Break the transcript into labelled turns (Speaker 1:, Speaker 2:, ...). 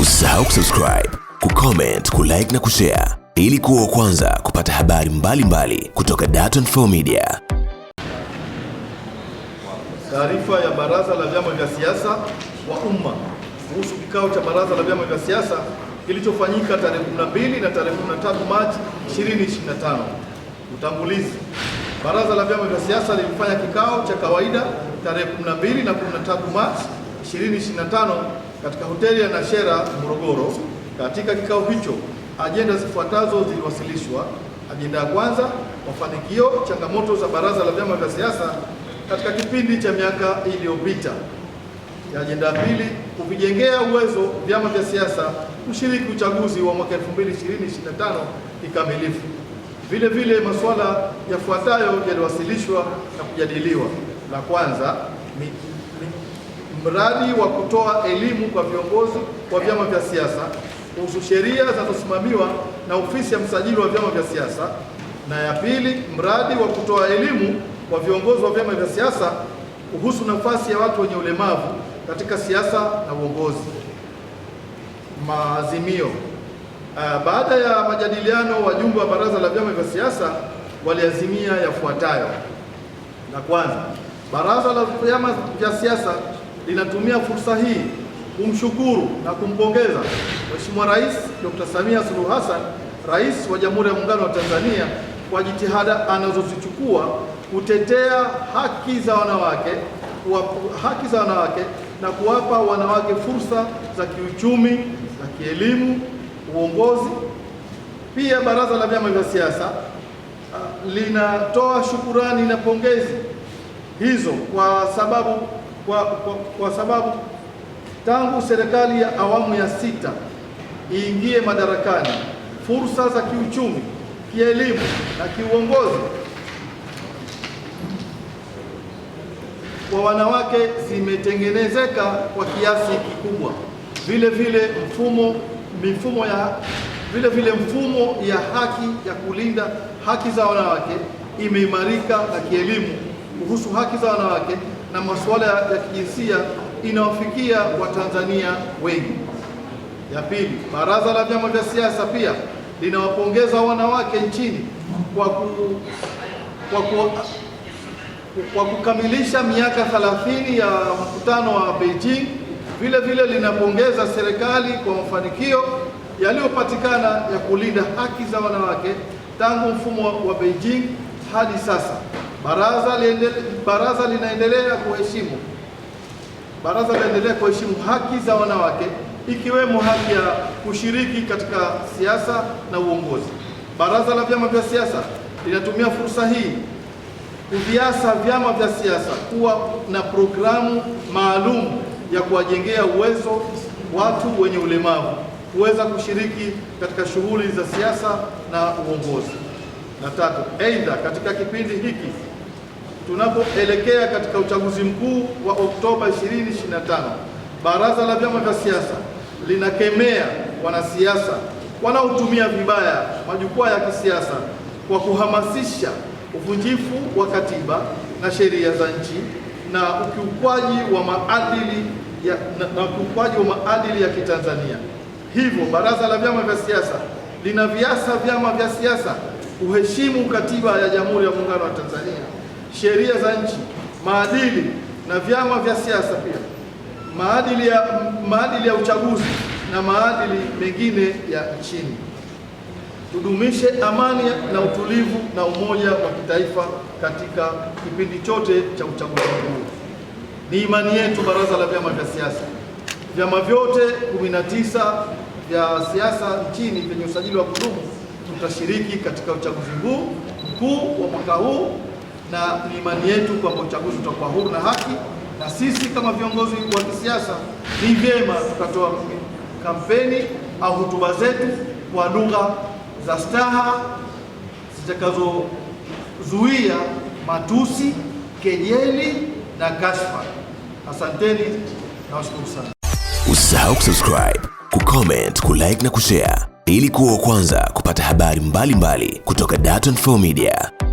Speaker 1: Usisahau kusubscribe, kucomment, kulike na kushare ili kuwa kwanza kupata habari mbalimbali mbali kutoka Dar24 Media.
Speaker 2: Taarifa ya Baraza la Vyama vya Siasa wa Umma kuhusu kikao cha Baraza la Vyama vya Siasa kilichofanyika tarehe 12 na tarehe 13 Machi 2025. Utangulizi. Baraza la Vyama vya Siasa lilifanya kikao cha kawaida tarehe 12 na 13 Machi 2025 katika hoteli ya Nashera Morogoro. Katika kikao hicho, ajenda zifuatazo ziliwasilishwa. Ajenda ya kwanza, mafanikio, changamoto za baraza la vyama vya siasa katika kipindi cha miaka iliyopita. Ajenda ya pili, kuvijengea uwezo vyama vya siasa kushiriki uchaguzi wa mwaka 2025 kikamilifu. Vile vile masuala yafuatayo yaliwasilishwa na kujadiliwa. La kwanza, mradi wa kutoa elimu kwa viongozi wa vyama vya siasa kuhusu sheria zinazosimamiwa na ofisi ya msajili wa vyama vya siasa, na ya pili mradi wa kutoa elimu kwa viongozi wa vyama vya siasa kuhusu nafasi ya watu wenye ulemavu katika siasa na uongozi. Maazimio. Ah, baada ya majadiliano, wajumbe wa baraza la vyama vya siasa waliazimia yafuatayo. La kwanza, baraza la vyama vya siasa linatumia fursa hii kumshukuru na kumpongeza Mheshimiwa Rais Dr. Samia Suluhu Hassan, Rais wa Jamhuri ya Muungano wa Tanzania kwa jitihada anazozichukua kutetea haki za wanawake, haki za wanawake na kuwapa wanawake fursa za kiuchumi, za kielimu, uongozi. Pia Baraza la Vyama vya Siasa ah, linatoa shukurani na pongezi hizo kwa sababu kwa, kwa, kwa sababu tangu serikali ya awamu ya sita iingie madarakani, fursa za kiuchumi, kielimu na kiuongozi kwa wanawake zimetengenezeka kwa kiasi kikubwa. Vile vile mfumo mifumo ya vile vile mfumo ya haki ya kulinda haki za wanawake imeimarika na kielimu kuhusu haki za wanawake na masuala ya kijinsia inawafikia Watanzania wengi. Ya pili, baraza la vyama vya siasa pia linawapongeza wanawake nchini kwa, ku, kwa, ku, kwa kukamilisha miaka 30 ya mkutano wa Beijing. Vile vile linapongeza serikali kwa mafanikio yaliyopatikana ya kulinda haki za wanawake tangu mfumo wa Beijing hadi sasa. Baraza liendele, baraza linaendelea kuheshimu baraza linaendelea kuheshimu haki za wanawake ikiwemo haki ya kushiriki katika siasa na uongozi. Baraza la vyama vya siasa linatumia fursa hii kuviasa vyama vya siasa kuwa na programu maalum ya kuwajengea uwezo watu wenye ulemavu kuweza kushiriki katika shughuli za siasa na uongozi. Na tatu, aidha katika kipindi hiki tunapoelekea katika uchaguzi mkuu wa Oktoba 2025, Baraza la Vyama vya Siasa linakemea wanasiasa wanaotumia vibaya majukwaa ya kisiasa kwa kuhamasisha uvunjifu wa katiba na sheria za nchi na ukiukwaji wa maadili ya, na ukiukwaji wa maadili ya Kitanzania. Hivyo Baraza la Vyama vya Siasa linaviasa vyama vya siasa kuheshimu katiba ya Jamhuri ya Muungano wa Tanzania sheria za nchi, maadili na vyama vya siasa, pia maadili ya, maadili ya uchaguzi na maadili mengine ya nchini. Tudumishe amani na utulivu na umoja wa kitaifa katika kipindi chote cha uchaguzi mkuu. Ni imani yetu Baraza la Vyama vya Siasa, vyama vyote 19 vya siasa nchini vyenye usajili wa kudumu tutashiriki katika uchaguzi huu mkuu wa mwaka huu na ni imani yetu kwamba uchaguzi utakuwa huru na haki, na sisi kama viongozi wa kisiasa ni vyema tukatoa kampeni au hotuba zetu kwa lugha za staha zitakazozuia matusi, kejeli na kashfa. Asanteni na washukuru sana. Usisahau kusubscribe, kucomment, kulike na kushare ili kuwa wa kwanza kupata habari mbalimbali mbali kutoka Dar24 Media.